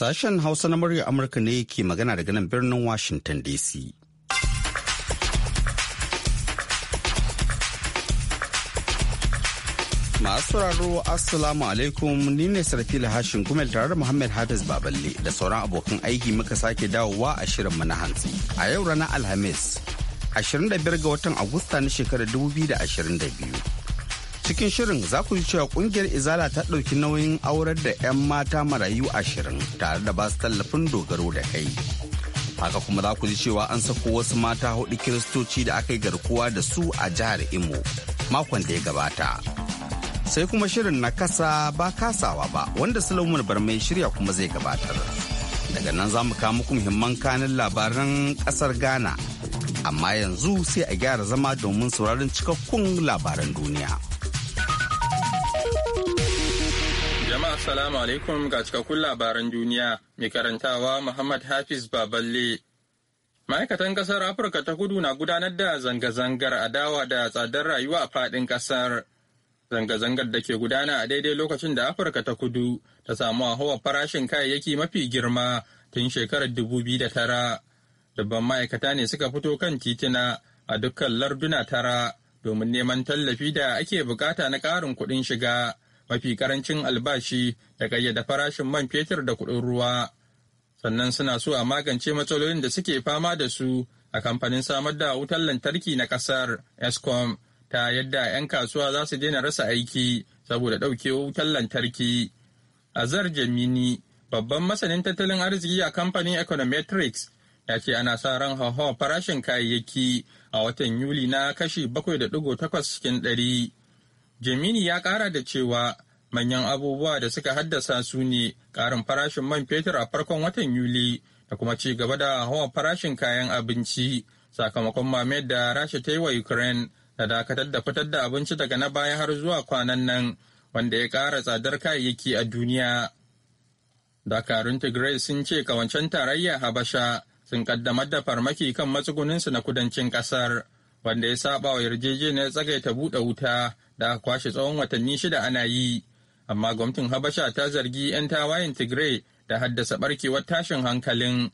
Sashen Hausa na murya Amurka ne ke magana daga nan birnin Washington DC. Masu raro Assalamu alaikum ni ne sarfi Hashin Gumel tare da Muhammad Hafiz Baballe da sauran abokan aiki muka sake dawowa a shirinmu na hantsi. A yau ranar Alhamis, 25 ga watan Agusta na shekarar 2022. cikin shirin za ku ji cewa kungiyar izala ta ɗauki nauyin aurar da 'yan mata marayu ashirin tare da basu tallafin dogaro da kai haka kuma za ku ji cewa an sako wasu mata hudu kiristoci da aka yi garkuwa da su a jihar imo makon da ya gabata sai kuma shirin na kasa ba kasawa ba wanda sulaiman barmai shirya kuma zai gabatar daga nan za mu kawo muku muhimman kanin labaran kasar ghana amma yanzu sai a gyara zama domin sauraron cikakkun labaran duniya. Assalamu alaikum ga cikakkun labaran duniya mai karantawa Muhammad Hafiz Baballe. Ma'aikatan ƙasar Afirka ta kudu na gudanar da zanga-zangar adawa da tsadar rayuwa a faɗin ƙasar. Zanga-zangar da ke gudana a daidai lokacin da Afirka ta kudu ta samu hawa farashin kayayyaki mafi girma tun shekarar dubu biyu da tara. Dabban ma'aikata ne suka fito kan titina a dukkan larduna tara domin neman tallafi da ake bukata na ƙarin kuɗin shiga. mafi karancin albashi da ƙayyada farashin man fetur da kuɗin ruwa sannan suna so a magance matsalolin da suke fama da su a kamfanin samar da wutar lantarki na ƙasar escom ta yadda 'yan kasuwa za su daina rasa aiki saboda ɗauke wutar lantarki azar jamini babban masanin tattalin arziki a kamfanin econometrics ya ce ana sa ran hauhawar farashin kayayyaki a watan yuli na kashi 7.8 cikin ɗari. Gemini ya kara da cewa manyan abubuwa da suka haddasa su ne karin farashin man fetur a farkon watan Yuli da kuma ci gaba da hawan farashin kayan abinci sakamakon mamayar da Rasha ta yi wa Ukraine da dakatar da fitar da abinci daga na baya har zuwa kwanan nan wanda ya kara tsadar kayayyaki a duniya. Dakarun Tigray sun ce kawancen tarayya Habasha sun kaddamar da farmaki kan matsuguninsu na kudancin kasar wanda ya saba wa yarjejeniyar tsagaita buɗe wuta da aka kwashe tsawon watanni shida ana yi amma gwamnatin habasha ta zargi 'yan tawayen tigray da haddasa barkewar tashin hankalin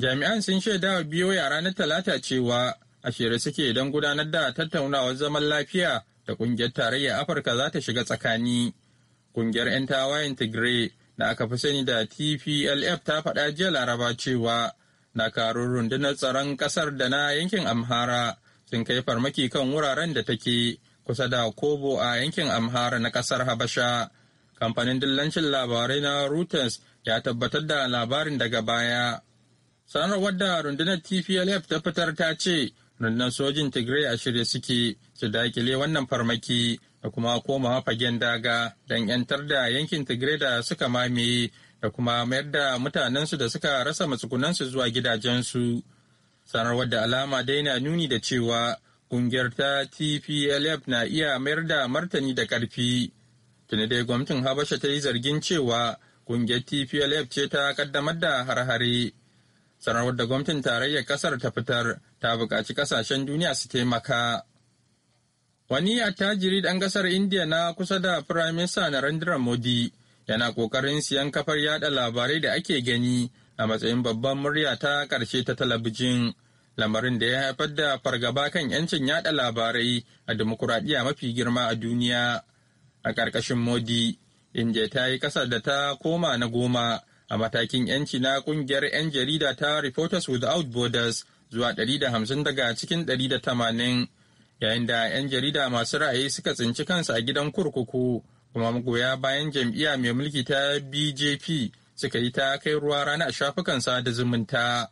jami'an sun shaida wa biyo biyoya na talata cewa a shirye suke don gudanar da tattaunawar zaman lafiya da kungiyar tarayyar afirka za ta shiga tsakani kungiyar 'yan tawayen tigray da aka fi sani da tplf ta faɗa jiya laraba cewa na karun rundunar tsaron ƙasar da na yankin amhara sun kai farmaki kan wuraren da take kusa da Kobo a yankin Amhara na kasar Habasha. Kamfanin dillancin labarai na Reuters ya tabbatar da labarin daga baya. Sanarwar da rundunar TPLF ta fitar ta ce rundunar sojin Tigray a shirye suke su dakile wannan farmaki da kuma koma fagen daga don 'yantar da yankin Tigray da suka mamaye da kuma mayar da mutanensu da suka rasa matsugunansu zuwa gidajensu. Sanarwar da alama dai na nuni da cewa ƙungiyar ta tplf na iya mayar da martani da ƙarfi tuni dai gwamnatin habasha ta yi zargin cewa ƙungiyar tplf ce ta kaddamar da harhare. sanarwar da gwamnatin tarayyar ƙasar ta fitar ta buƙaci ƙasashen duniya su taimaka wani attajiri ɗan ƙasar indiya na kusa da firaminista narendra modi yana ƙoƙarin siyan kafar yada labarai da ake gani a matsayin babban murya ta ƙarshe ta talabijin lamarin da ya haifar da fargaba kan 'yancin yada labarai a demokuraɗiyya mafi girma a duniya a ƙarƙashin modi inda ta yi ƙasa da ta koma na goma a matakin 'yanci na ƙungiyar 'yan jarida ta reporters without borders zuwa 150 daga cikin 180 yayin da 'yan jarida masu ra'ayi suka tsinci kansu a gidan kurkuku kuma magoya bayan jam'iyya mai mulki ta bjp suka yi ta kai ruwa rana a shafukan sada zumunta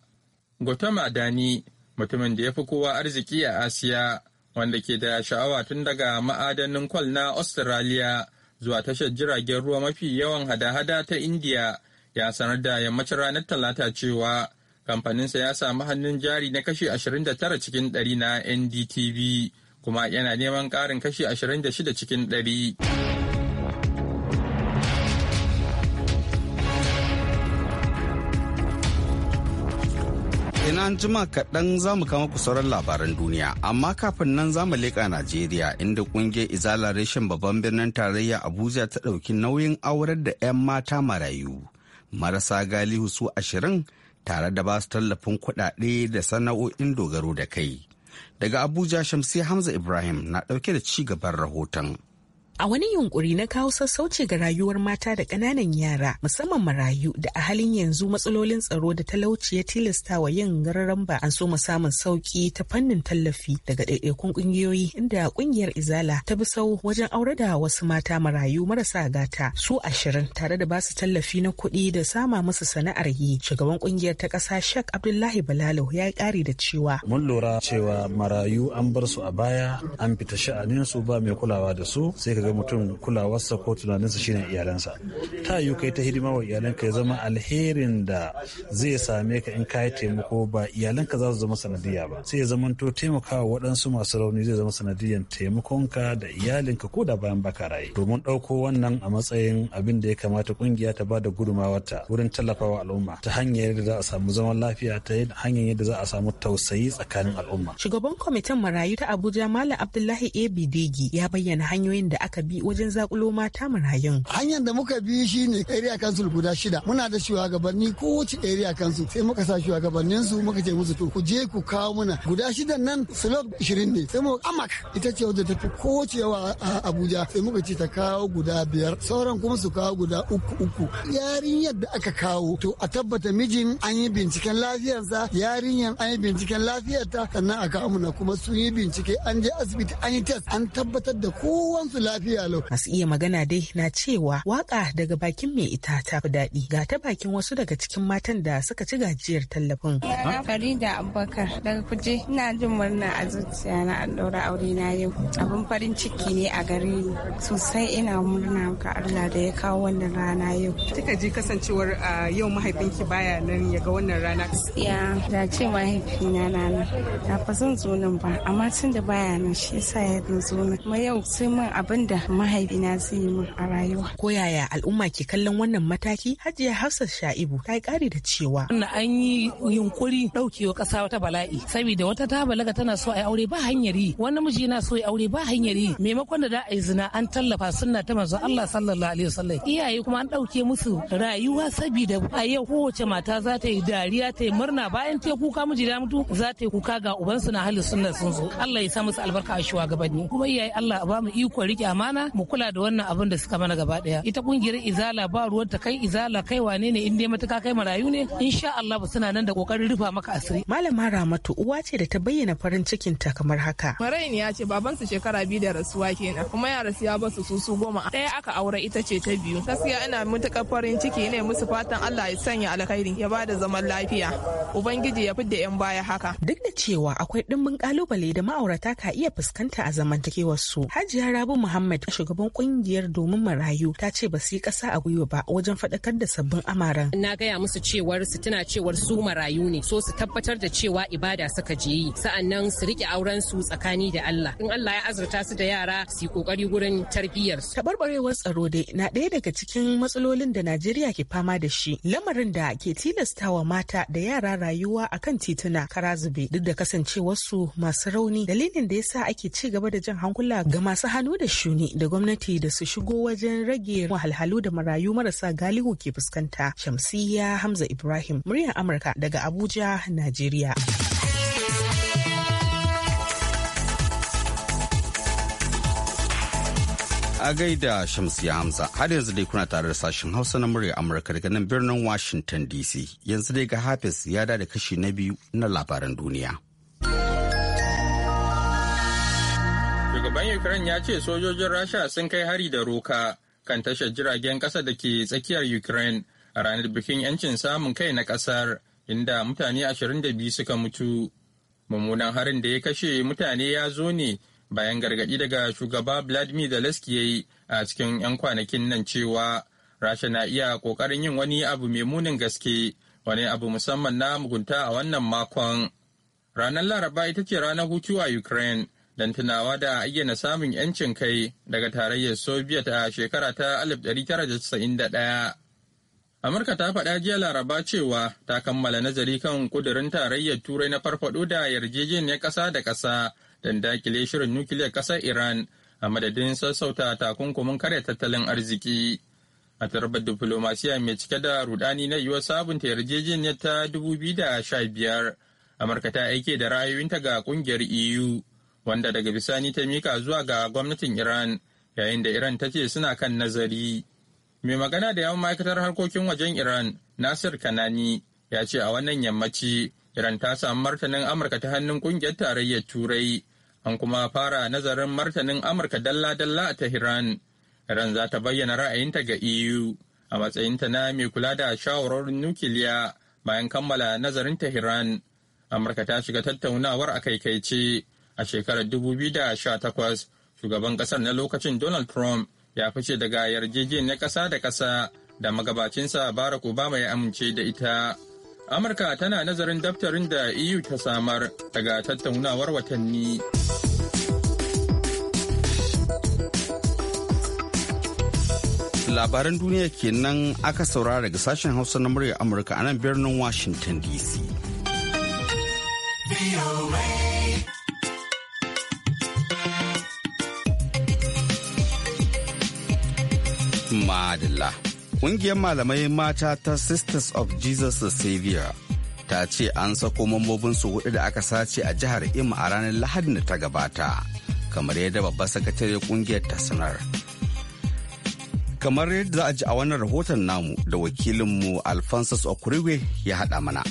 gotama dani mutumin da ya fi kowa arziki a Asiya, wanda ke da sha'awa tun daga ma'adanin kwal na Australia zuwa tashar jiragen ruwa mafi yawan hada-hada ta India, ya sanar da yammacin ranar Talata cewa kamfaninsa ya samu hannun jari na kashi 29 cikin 100 na NDTV, kuma yana neman ƙarin kashi 26 cikin 100. yanzu an jima kaɗan za mu kama ku sauran labaran duniya, amma kafin nan za mu leƙa Najeriya inda ƙungiyar Izala Reshen babban birnin tarayya Abuja ta ɗauki nauyin aurar da 'yan mata marayu. Marasa galihu su ashirin tare da ba su tallafin kuɗaɗe da sana'o'in dogaro da kai. Daga Abuja Shamsi Hamza Ibrahim na ɗauke da ci gaban rahoton. a wani yunkuri na kawo sassauci ga rayuwar mata da ƙananan yara musamman marayu da a halin yanzu matsalolin tsaro da talauci ya tilasta wa yin gararan an so mu samun sauki ta fannin tallafi daga ɗaiɗaikun ƙungiyoyi inda ƙungiyar izala ta bi sau wajen aure da wasu mata marayu marasa gata su ashirin tare da basu tallafi na kuɗi da sama musu sana'ar yi shugaban ƙungiyar ta ƙasa shek abdullahi balalo ya yi ƙari da cewa mun lura cewa marayu an bar su a baya an fita sha'anin su ba mai kulawa da su sai ka ga mutum kulawarsa ko tunaninsa shine iyalansa ta yi kai ta hidima wa iyalanka ya zama alherin da zai same ka in kayi taimako ba iyalanka za su zama sanadiyya ba sai ya zama to taimakawa waɗansu masu rauni zai zama sanadiyyan taimakonka da iyalinka ko da bayan baka raye domin ɗauko wannan a matsayin abin da ya kamata kungiya ta ba da ta wurin tallafawa al'umma ta hanyar yadda za a samu zaman lafiya ta hanyar yadda za a samu tausayi tsakanin al'umma shugaban kwamitin marayu ta abuja malam abdullahi abdigi ya bayyana hanyoyin da aka aka bi wajen zakulo mata marayun. Hanyar da muka bi shi ne area council guda shida. Muna da shugabanni kowace area council sai muka sa shugabannin su muka ce musu to ku je ku kawo muna. Guda shidan nan slot 20 ne. Sai mu amak ita ce wadda tafi kowace yawa a Abuja sai muka ce ta kawo guda biyar. Sauran kuma su kawo guda uku uku. Yarinyar da aka kawo to a tabbata mijin an yi binciken lafiyarsa yarinyar an yi binciken lafiyarta sannan a kawo muna kuma sun yi bincike an je asibiti an yi test an tabbatar da kowansu lafiya. Masu iya magana dai na cewa waka daga bakin mai ita ta fi daɗi ga ta bakin wasu daga cikin matan da suka ci gajiyar tallafin. Farida Abubakar daga kuje ina jin murna a zuciya na an daura aure na yau. Abin farin ciki ne a gare ni sosai ina murna ga Allah da ya kawo wannan rana yau. Kika ji kasancewar yau mahaifinki baya nan ya ga wannan rana. Ya da ce mahaifina na nan. Na fa zan zo nan ba amma tun da baya nan shi yasa ya zo nan. Kuma yau sai mun abin da da mahaifina zai yi min a rayuwa. Ko yaya al'umma ke kallon wannan mataki? Hajiya Hafsa Sha'ibu ta yi ƙari da cewa. Wannan an yi yunkuri ɗaukewa ƙasa wata bala'i. Saboda wata ta balaga tana so a yi aure ba hanyar yi. Wani miji yana so ya aure ba hanyar yi. Maimakon da za a yi zina an tallafa sunna ta manzon Allah sallallahu alaihi wasallam. Iyaye kuma an ɗauke musu rayuwa saboda a yau kowace mata za ta yi dariya ta yi murna bayan ta kuka miji da mutu za ta yi kuka ga ubansu na halin sunna sun zo. Allah ya sa musu albarka a shugabanni. Kuma iyaye Allah ba mu iko rike amma amana mu kula da wannan abin da suka mana gaba daya ita kungiyar izala ba ruwan ta kai izala kai wane ne in dai matuka kai marayu ne insha Allah ba suna nan da kokarin rufa maka asiri malama ramatu uwa ce da ta bayyana farin cikin ta kamar haka marayin ya ce baban su shekara biyu da rasuwa kenan kuma yara siya ba su su goma ɗaya aka aure ita ce ta biyu gaskiya ina matukar farin ciki ne musu fatan Allah ya sanya alkhairi ya bada zaman lafiya ubangiji ya fidda yan baya haka duk da cewa akwai dimbin kalubale da ma'aurata ka iya fuskanta a hajiya rabu muhammad Muhammad shugaban kungiyar domin marayu ta ce ba su yi ƙasa a gwiwa ba wajen faɗakar da sabbin amaran. Na gaya musu cewar su tuna cewar su marayu ne so su tabbatar da cewa ibada suka je yi sa'annan su riƙe auren su tsakani da Allah. In Allah ya azurta su da yara su yi ƙoƙari gurin tarbiyyar su. Tabarbarewar tsaro dai na ɗaya daga cikin matsalolin da Najeriya ke fama da shi lamarin da ke tilastawa mata da yara rayuwa akan tituna kara zube duk da kasancewarsu masu rauni dalilin da ya sa ake ci gaba da jan hankula ga masu hannu da shuni. ne da gwamnati da su shigo wajen rage wahalhalu da marayu marasa galihu ke fuskanta. Shamsiyya Hamza Ibrahim, muryar Amurka daga Abuja, Najeriya. A gaida Shamsiyya Hamza, har yanzu dai kuna tare da sashen Hausa na murya Amurka daga nan birnin Washington DC. Yanzu dai ga Hafiz ya da kashi na biyu na labaran duniya. Shugaban Ukraine ya ce sojojin Rasha sun kai hari da roka kan tashar jiragen ƙasa da ke tsakiyar Ukraine a ranar bikin 'yancin samun kai na ƙasar inda mutane 22 suka mutu. Mummunan harin da ya kashe mutane ya zo ne bayan gargaɗi daga shugaba Vladimir Zelensky ya yi a cikin 'yan kwanakin nan cewa Rasha na iya kokarin yin wani abu mai munin gaske, wani abu musamman na mugunta a wannan makon. Ranar Laraba ita ce ranar hutu a Ukraine. don tunawa da ayyana samun 'yancin kai daga tarayyar Soviet a shekara ta 1991. Amurka ta faɗa jiya Laraba cewa ta kammala nazari kan kudurin tarayyar Turai na farfaɗo da yarjejeniyar ƙasa da ƙasa don dakile shirin nukiliyar ƙasar Iran a madadin sassauta takunkumin karya tattalin arziki. A tarbar diflomasiya mai cike da rudani na yiwuwar sabunta yarjejeniyar ta 2015, Amurka ta aike da ra'ayoyinta ga kungiyar EU. wanda daga bisani ta mika zuwa ga gwamnatin Iran yayin da Iran ta ce suna kan nazari. Mai magana da yawan ma'aikatar harkokin wajen Iran Nasir Kanani ya ce a wannan yammaci Iran ta samu martanin Amurka ta hannun kungiyar tarayyar Turai an kuma fara nazarin martanin Amurka dalla-dalla a Tehran. Iran za ta bayyana ra'ayinta ga EU a matsayinta na mai kula da shawarorin nukiliya bayan kammala nazarin Tehran. Amurka ta shiga tattaunawar a kaikaice A shekarar 2018, shugaban kasar na lokacin Donald Trump ya fice daga yarjejeniyar kasa da kasa da magabacinsa Barack Obama ya amince da ita. Amurka tana nazarin daftarin da EU ta samar daga tattaunawar watanni. Labaran duniya kenan aka saurara daga sashen Hausa na murya Amurka a nan birnin Washington DC. Madalla. Ƙungiyar malamai mata ta Sisters of Jesus the Savior ta ce an sako mambobinsu hudu da aka sace a jihar Ima a ranar Lahadin da ta gabata, kamar yadda babbar sakatare ƙungiyar ta sanar. Kamar yadda za a ji a wannan rahoton namu da wakilinmu Alphonsus Okuriwe ya haɗa mana.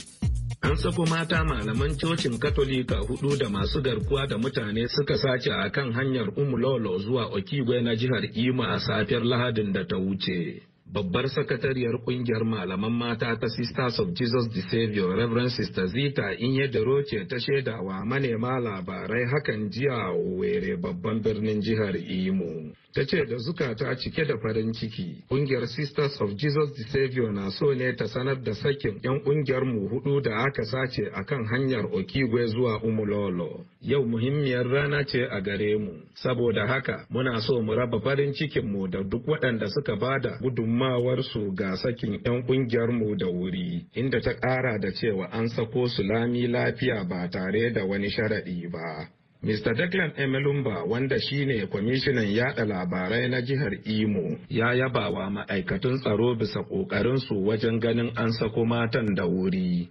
an sako mata malaman cocin katolika hudu da masu garkuwa da mutane suka sace a kan hanyar umulolo zuwa okigwe na jihar imo a safiyar lahadin da ta wuce babbar sakatariyar kungiyar malaman mata ta sisters of jesus the savior reverend sister zita in inyedero ce ta shaidawa manema labarai hakan jiya were babban birnin jihar imo ta ce da zukata cike da farin ciki ƙungiyar sisters of jesus the savior na so ne ta sanar da sakin 'yan ƙungiyar mu hudu da aka sace a kan hanyar okigwe zuwa umulolo yau muhimmiyar rana ce a gare mu saboda haka muna so mu raba farin cikin mu da duk waɗanda suka ba bada gudunmawarsu ga sakin 'yan ƙungiyar mu da wuri inda ta ƙara da cewa an sako su lami lafiya ba tare da wani sharaɗi ba Mr. Declan Emelumba wanda shine kwamishinan yada labarai na jihar Imo ya yaba wa ma'aikatan tsaro bisa ƙoƙarinsu wajen ganin an sako matan da wuri.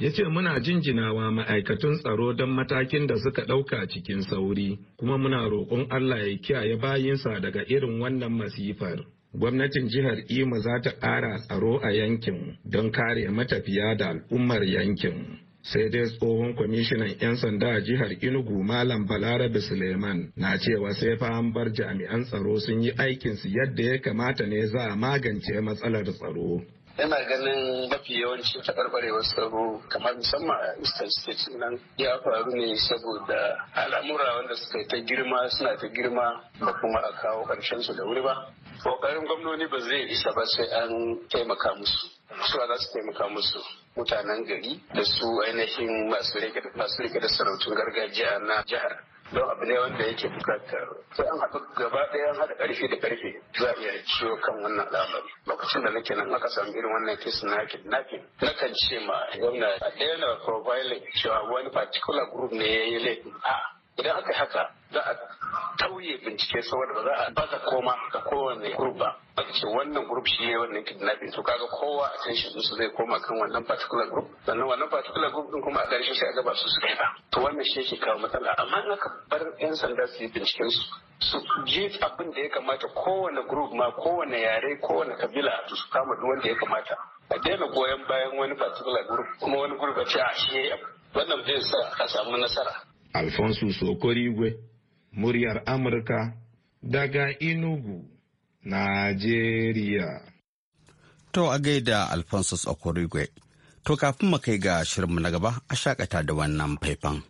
Ya ce muna jinjinawa ma'aikatan tsaro don matakin da suka ɗauka cikin sauri, kuma muna roƙon Allah ya kiyaye bayinsa daga irin wannan masifar. Gwamnatin jihar Imo za ta ƙara tsaro a yankin don kare matafiya da al'ummar yankin. sai dai tsohon kwamishinan 'yan sanda a jihar inugu malam balarabe suleiman na cewa sai fa bar jami'an tsaro sun yi aikinsu yadda ya kamata ne za a magance matsalar tsaro yana ganin mafi yawanci ta taɓarɓarewar tsaro kamar musamman a eastern state nan ya faru ne saboda al'amura wanda suka yi ta girma suna ta girma ba kuma a kawo ƙarshen su da wuri ba kokarin gwamnoni ba zai isa ba sai an taimaka musu suwa za su taimaka musu mutanen gari da su ainihin masu rike da sarautun gargajiya na jihar don abu ne wanda yake bukatar sai an haɗu gaba ɗaya haɗa ƙarfi da ƙarfe za a iya ciwo kan wannan alamar. lokacin da nake nan aka samu irin wannan kesi na kidnapping na kan ce ma gwamna a daina profiling cewa wani particular group ne ya yi laifin a idan aka haka za a tauye bincike saboda ba za a baza koma ga kowane grup ba aka ce wannan grup shi ne wannan kidnapping to kaga kowa a can shi su zai koma kan wannan particular group sannan wannan particular group din kuma a ƙarshe sai a gaba su suka ba to wannan shi ke kawo matsala amma in aka bar yan sanda su yi binciken su su ji abin da ya kamata kowane group ma kowane yare kowane kabila to su kama duk wanda ya kamata a daina goyon bayan wani particular group kuma wani group a ce a ah, shi ya wannan zai sa a samu nasara Alphonsus Okorigwe, muryar Amurka daga Inugu, Najeriya. To a gaida alfonso Sokorigwe, to kafin mu kai ga shirinmu na gaba a shakata da wannan faifan.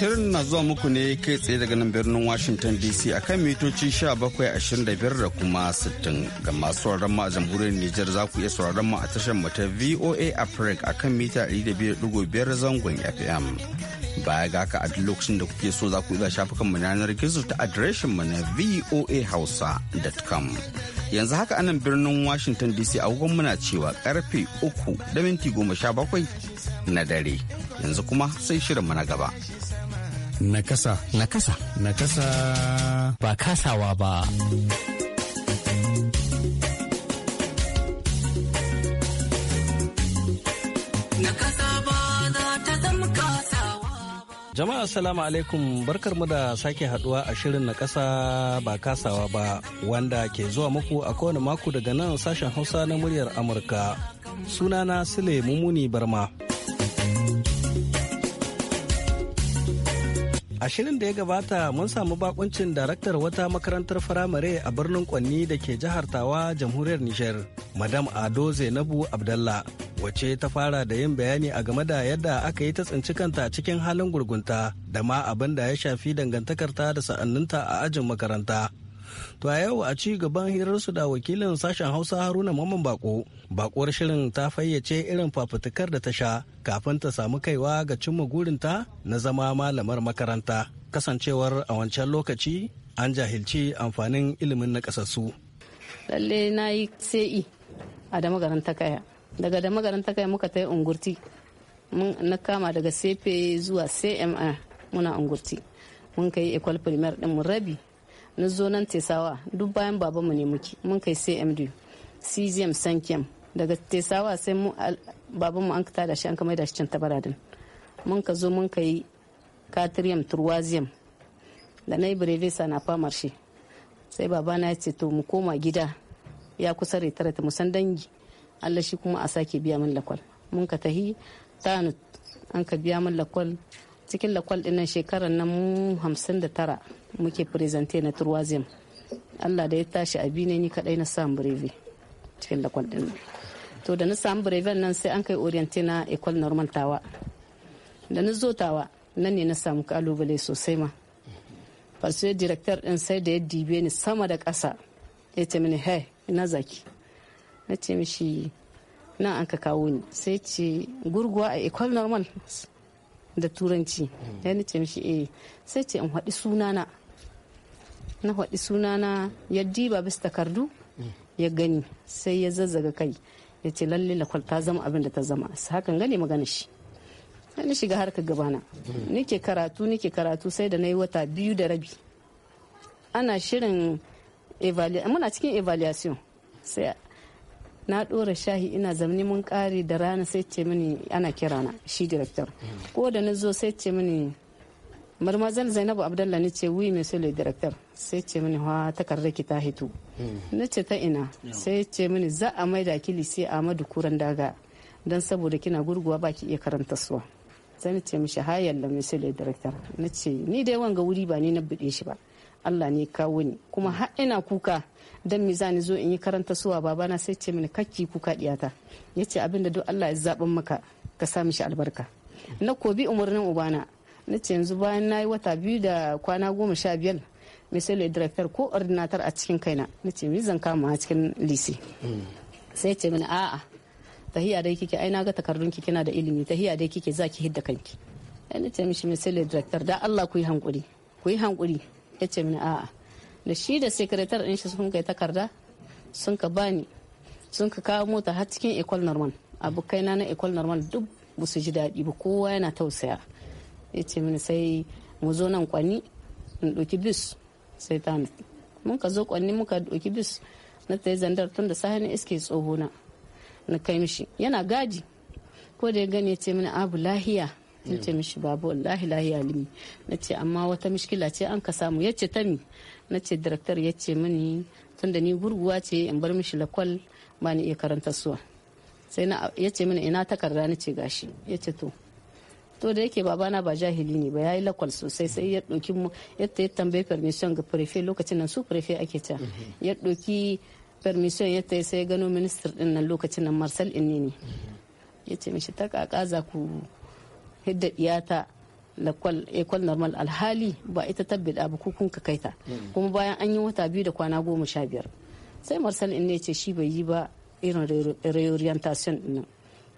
shirin na zuwa muku ne kai tsaye daga nan birnin Washington DC a kan mitoci 1725 da kuma 60 ga masu sauraron mu a jamhuriyar Nijar za ku iya sauraron mu a tashar mu ta VOA Africa a kan mita 200.5 zangon FM. Baya ga haka a duk lokacin da kuke so za ku iya shafukan mu yanar gizo ta adireshin mu na voahausa.com. Yanzu haka anan birnin Washington DC a muna cewa karfe 3 da minti 17 na dare. Yanzu kuma sai shirin mu na gaba. Nakasa. Nakasa. Nakasa. Ba kasawa ba. Jama'a salamu alaikum barkarmu da sake haduwa a shirin na kasa ba kasawa ba wanda ke zuwa muku a kowane mako daga nan sashen hausa na muryar Amurka. Sunana Sule Mumuni Barma. A shirin da ya gabata mun samu bakuncin daraktar wata makarantar firamare a birnin Kwanni da ke jihar Tawa, jamhuriyar Nijar, Madam Ado Zainabu Abdallah, wace ta fara da yin bayani a game da yadda aka yi ta tsinci kanta cikin halin gurgunta da ma abin da ya shafi dangantakarta da sa'anninta a ajin makaranta. To a yau a ci gaban hirarsu da wakilin sashen Hausa Haruna maman Bako, bakuwar shirin ta fayyace irin fafutukar da ta sha kafin ta samu kaiwa ga cimma gurinta na zama malamar makaranta. Kasancewar a wancan lokaci an jahilci amfanin ilimin na kasassu. Lalle na yi sai e a da kaya. Daga da kaya muka ta yi ungurti. Na kama daga sefe zuwa CMA muna ungurti. Mun kai ekwal primaire din mu rabi na zo nan tesawa duk bayan babanmu ne muke mun kai cmd cgm sankem daga tesawa sai mu babanmu an ka da shi an ka maida shi can tabaradin mun ka zo mun ka yi katriyam turwaziyam da na yi brevesa na famar shi sai babana ya ce to mu koma gida ya kusa retara ta musan dangi allah shi kuma a sake biya min lakwal mun ka tahi tanut an ka biya min lakwal cikin lakwal dinnan shekarar nan mu hamsin da tara muke presente na turwazim allah da ya tashi abi ne ni kadai na samu brevi cikin lakon din to da na samu brevi nan sai an kai oriente na ecole normal tawa da na zo tawa nan ne na samu kalubale sosai ma farsu director din sai da ya dibe ni sama da ƙasa ya ce mini hey ina zaki na ce mishi nan an ka kawo ni sai ce gurguwa a ecole normal da turanci mm. ya ce mishi eh sai ce in haɗi sunana na haɗi na ya diba bisa takardu ya gani sai ya zazzaga kai ya ce lalle lakwal ta zama abin da ta zama hakan gane magana shi sai na shiga harka gabana nike karatu nike karatu sai da na yi wata biyu da rabi ana shirin muna cikin evaluation sai na ɗora shahi ina zamani mun kare da rana sai ce mini ana kirana shi director ko da na zo sai ce mini marmazan zainabu abdalla ne ce wi mai le directeur sai ce mini ha takardar ki ta hito hmm. na ce ta ina sai ce mini za a maida ki lise amadu kuran daga dan saboda kina gurguwa baki iya karanta suwa zan ce mishi ha yalla monsieur le directeur na ce ni dai wanga wuri ba ni na bude shi ba Allah ne kawo ni kuma har ina kuka dan me zani zo in yi karanta suwa babana sai ce mini kakki kuka diyata yace abinda duk Allah ya zaben maka ka sa mishi albarka na kobi umarnin ubana na ce yanzu bayan na yi wata biyu da kwana goma sha biyar mai sai director ko ordinatar a cikin kaina na ce zan kama a cikin lise sai ce mana a'a tahiya dai kike ai na ga takardun ki kina da ilimi tahiya dai kike za ki hidda kanki ai na ce mishi mai director da Allah ku yi hankuri ku yi hankuri ya ce mana a'a da shi da secretary din shi sun kai takarda sun ka bani sun ka kawo mota har cikin ecole normal abokaina na ecole normal duk ba ji daɗi ba kowa yana tausaya ya ce mini sai mu zo nan kwani in ɗauki bis sai ta mun ka zo kwanni muka ɗauki bis na ta yi zandar tun da sahani iske tsohona na kai mishi yana gadi ko da ya gani ya ce mini abu lahiya na ce mishi babu wallahi lahiya limi na ce amma wata mishkila ce an ka samu ya ce ta mi na ce director ya ce mini tun da ni gurguwa ce in bar mishi lakwal ba ni iya karanta suwa sai ya ce mini ina takarda na ce gashi ya ce to to da yake babana ba jahili ne ba yayi lakwal sosai sai ya doki mu yadda ya tambayi permission ga prefe lokacin nan su prefe ake ta ya doki permission yadda ya sai gano minister din nan lokacin nan marcel inni ne ya ce mishi ta kakaza ku hidda iyata lakwal ekwal normal alhali ba ita tabbida ba kun ka kaita kuma bayan an yi wata biyu da kwana goma sha biyar sai marcel inni ya ce shi bai yi ba irin reorientation din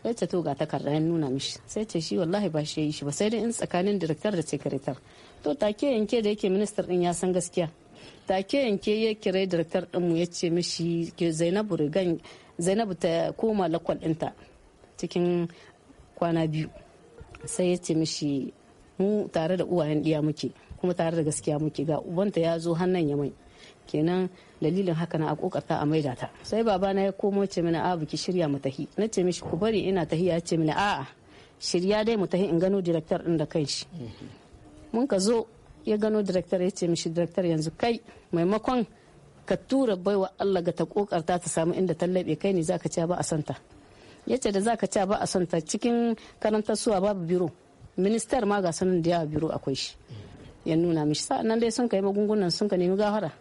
sai ce to ga takarda ya nuna mishi sai ce shi wallahi ba shi ya yi shi ba sai dai in tsakanin direktar da sekretar to take yanke da yake ministar din ya san gaskiya take yanke ya kira direktar din mu ya ce mishi ke zainabu rigan zainabu ta koma lakwal dinta cikin kwana biyu sai ya ce mishi mu tare da uwayen ɗiya muke kuma tare da gaskiya muke ga ubanta ya zo hannun ya mai kenan dalilin haka na a kokarta a maida ta sai baba na ya komo ce mini a biki shirya mu tahi na ce mishi ku bari ina tahi ya ce mini a'a shirya dai mu tahi in gano director din da kanshi mun ka zo ya gano director ya ce mishi director yanzu kai maimakon ka tura baiwa Allah ga ta kokarta ta samu inda tallabe kai ne zaka ci ba a santa yace da zaka ci ba a santa cikin karantar suwa babu biro ministar ma ga sanin da yawa biro akwai shi ya nuna mishi sa'an nan dai sun kai magungunan sun ka nemi gafara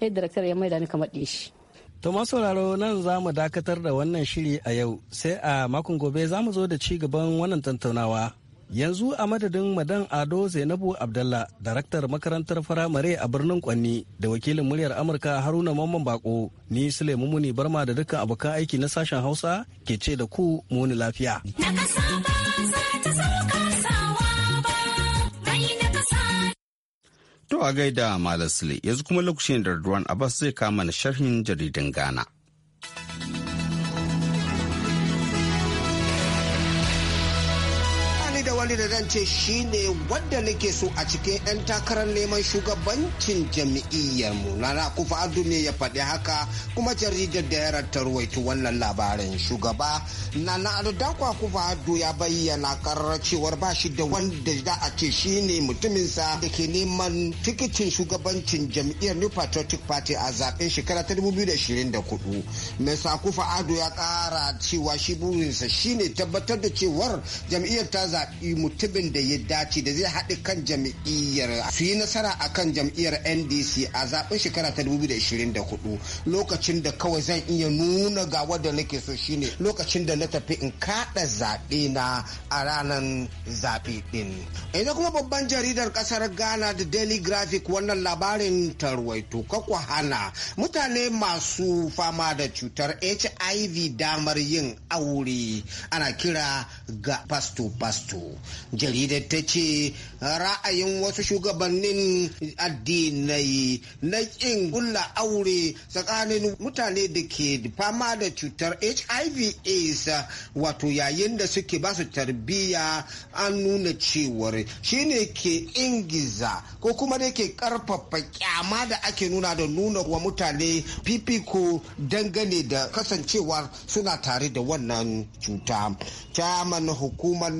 yadda daraktar ya maida ni kamar ɗin shi. To sauraro nan za mu dakatar da wannan shiri a yau sai a makon gobe za mu zo da ci gaban wannan tattaunawa. Yanzu a madadin Madan Ado Zainabu Abdallah, daraktar makarantar firamare a birnin Kwanni da wakilin muryar Amurka Haruna Mamman Bako, ni Sulaimu Muni Barma da dukkan abokan aiki na sashen Hausa ke ce da ku muni lafiya. a gaida Malam Sule, yanzu kuma lokacin da duwan Abbas zai kama na sharhin jaridan Ghana. da zan ce shine wadda nake so a cikin 'yan takarar neman shugabancin mu na kufa abdu ne ya faɗi haka kuma jaridar da ya tarwaito wannan labarin shugaba na na adadakwa kufa Ado ya bayyana karar cewar ba shi da wanda za a ce shi ne mutuminsa da ke neman tikitin shugabancin jami'iyar new patriotic party a zaben shekara ta 2024 mai kufa ado ya kara cewa shi burinsa ne tabbatar da cewar jam'iyyar ta zaɓi mutumin da ya dace da zai haɗi kan jam'iyyar su yi nasara a kan jam'iyyar ndc a zaɓen shekara ta 2024 lokacin da kawai zan iya nuna ga wadda nake so shine lokacin da na tafi in kaɗa zaɓe na a ranar zaɓe ɗin idan kuma babban jaridar ƙasar ghana da daily graphic wannan labarin tarwaito kakwa hana mutane masu fama da cutar hiv damar yin aure ana kira ga pasto pasto jaridar ta ce ra'ayin wasu shugabannin addinai na ƙin kulla aure tsakanin mutane da ke fama da cutar hiv aids wato yayin da suke ba su tarbiyya an nuna cewar shine ke ingiza ko kuma da ke karfafa kyama da ake nuna da nuna wa mutane fifiko dangane da kasancewar suna tare da wannan cuta. Chairman hukumar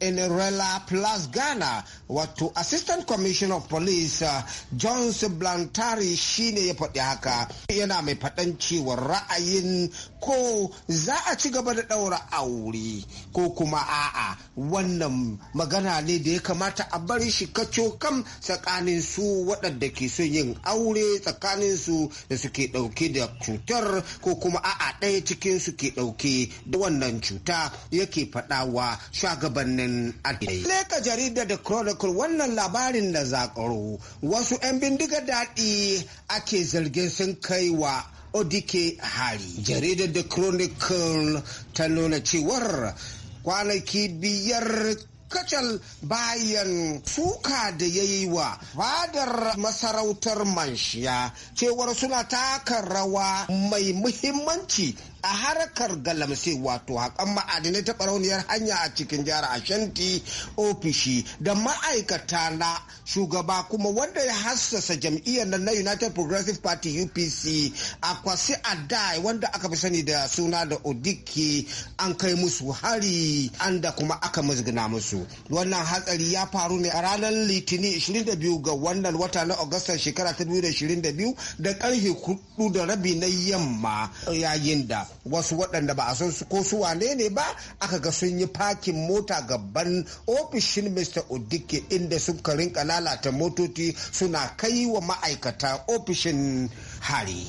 NRC Rela Plus Ghana wato Assistant Commissioner of Police uh, Jones Blantari shine ya faɗi haka yana mai faɗan cewa ra'ayin ko za a ci gaba da ɗaura aure ko kuma a'a wannan magana ne da ya kamata a bar shi kaco kam tsakanin su waɗanda ke son yin aure tsakanin su da suke ɗauke da cutar ko kuma a'a ɗaya cikin su ke ɗauke da wannan cuta yake faɗawa shagabannin yi. leka jaridar da chronicle wannan labarin da zakaro wasu 'yan bindiga daɗi ake zargin sun kai wa odike hari jaridar da chronicle ta nuna cewar kwanaki biyar kacal bayan suka da ya yi wa fadar masarautar manshiya cewar suna taka rawa mai muhimmanci a harkar galamse wato haƙan ma'adinai ta barauniyar hanya a cikin jihar ashanti ofishi da ma'aikata na shugaba kuma wanda ya hassasa jam'iyyar nan na united progressive party upc a kwasi a adai wanda aka fi sani da suna da odiki an kai musu hari an da kuma aka musguna musu wannan hatsari ya faru ne a ranar litinin 22 ga wannan wata na agustan shekara ta 2022 da karfe 4 da rabi na yamma yayin da wasu waɗanda ba a san su ko su wane ne ba aka ga sun yi fakin mota gaban ofishin mr odike inda suka rinka lalata motoci suna kai wa ma'aikata ofishin hari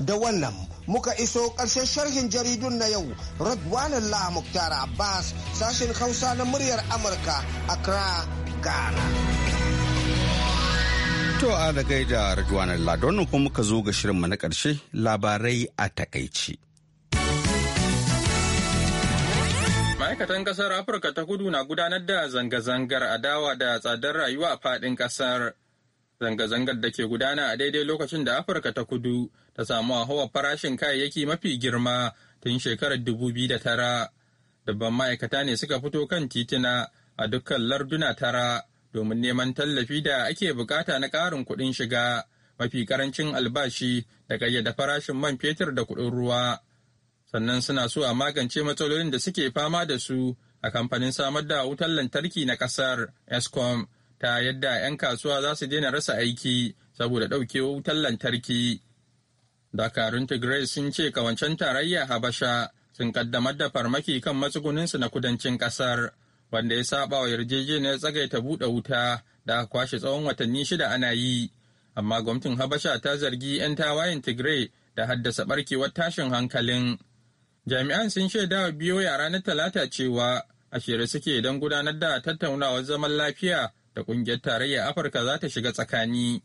da wannan muka iso ƙarshen sharhin jaridun na yau radwanan la muktar abbas sashen hausa na muryar amurka accra ghana To a da gaida Rajuwan Allah kuma muka zo ga shirinmu na ƙarshe labarai a takaici. Ma'aikatan ƙasar Afirka ta kudu na gudanar da zanga-zangar adawa da tsadar rayuwa a faɗin ƙasar. Zanga-zangar da ke gudana a daidai lokacin da Afirka ta kudu ta samu hawa farashin kayayyaki mafi girma tun shekarar da tara Dabban ma'aikata ne suka fito kan titina a dukkan larduna tara domin neman tallafi da ake bukata na ƙarin kuɗin shiga mafi ƙarancin albashi da ƙayyada farashin man fetur da kuɗin ruwa. Sannan suna so a magance matsalolin da suke fama da su a kamfanin samar da wutar lantarki na ƙasar ESCOM ta yadda 'yan kasuwa za su daina rasa aiki saboda ɗauke wutar lantarki. Dakarun Tigray sun ce kawancen tarayya Habasha sun kaddamar da farmaki kan matsuguninsu na kudancin ƙasar wanda ya saba wa yarjejeniyar tsagaita buɗe wuta da aka kwashe tsawon watanni shida ana yi amma gwamnatin habasha ta zargi 'yan tawayen tigray da haddasa barkewar tashin hankalin jami'an sun shaida wa biyo yara na talata cewa a shirye suke don gudanar da tattaunawar zaman lafiya da kungiyar tarayyar afirka za ta shiga tsakani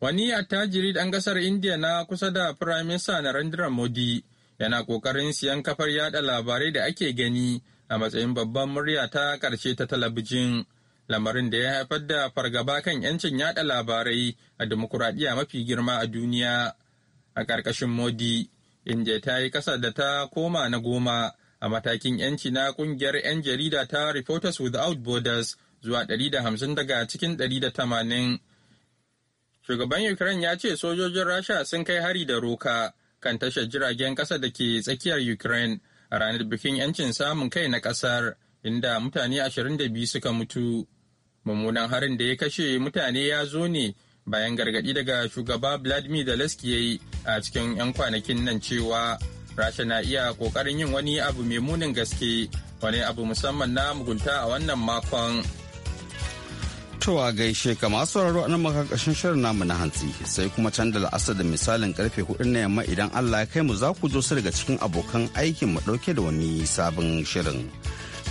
wani attajiri dan ƙasar india na kusa da firaminista narendra modi yana ƙoƙarin siyan kafar yada labarai da ake gani a matsayin babban murya ta ƙarshe ta talabijin lamarin da ya haifar da fargaba kan 'yancin yada labarai a demokuraɗiyya mafi girma a duniya a ƙarƙashin modi inda ta yi ƙasa da ta koma na goma a matakin 'yanci na ƙungiyar 'yan jarida ta reporters without borders zuwa 150 daga cikin 180 shugaban ukraine ya ce sojojin rasha sun kai hari da roka kan tashar jiragen ƙasa da ke tsakiyar ukraine a ranar bikin 'yancin samun kai na ƙasar inda mutane 22 suka mutu. Mummunan harin da ya kashe mutane ya zo ne bayan gargaɗi daga shugaba Vladimir Zelensky ya yi a cikin 'yan kwanakin nan cewa Rasha na iya kokarin yin wani abu mai munin gaske, wani abu musamman na mugunta a wannan makon. To a gaishe ka masu sauraro a nan makakashin shirin namu na hantsi sai kuma can da la'asar da misalin karfe hudu na yamma idan Allah ya kai mu za ku zo su daga cikin abokan aikin mu dauke da wani sabon shirin.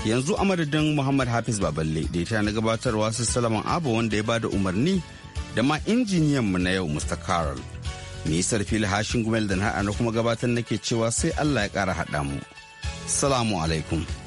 Yanzu a madadin Muhammad Hafiz Baballe da ya na gabatarwa su Salaman Abu wanda ya ba da umarni da ma injiniyan mu na yau Mr. Carol. Ni sarfi Hashin Gumel da na kuma gabatar nake cewa sai Allah ya kara haɗa mu. Salamu alaikum.